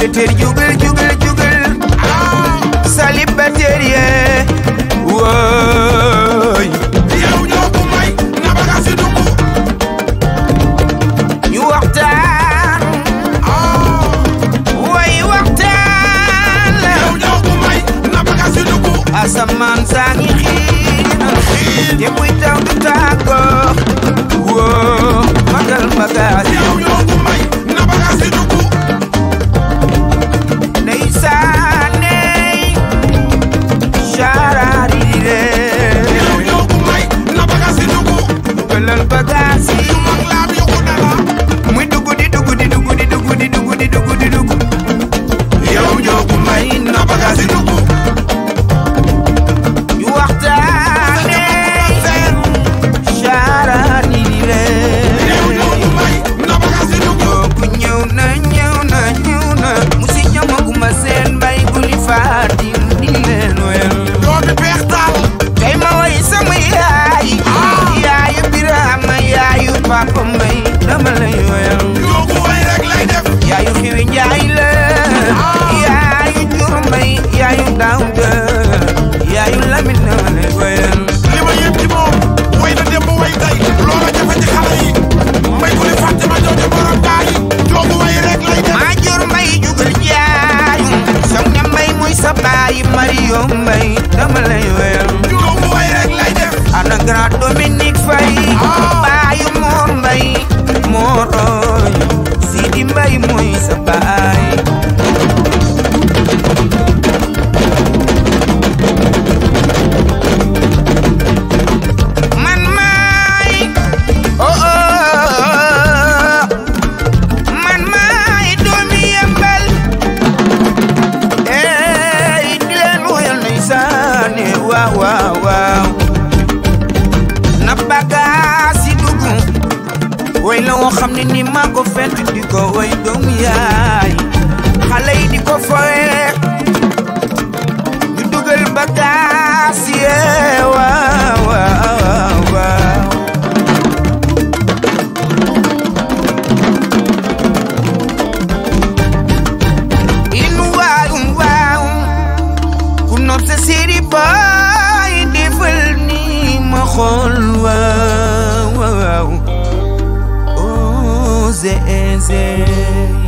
Célibataire jugal jugal jugal ah célibataire yee wooy yow ñoo ko may na bagage yi dugg ñu na buy taw du tàggoo woo magal bagage casi nunca. waaw waaw waaw na bagaas yi dugg xam ne ni maa ko fent di ko way yaay xale yi ko foye amazing.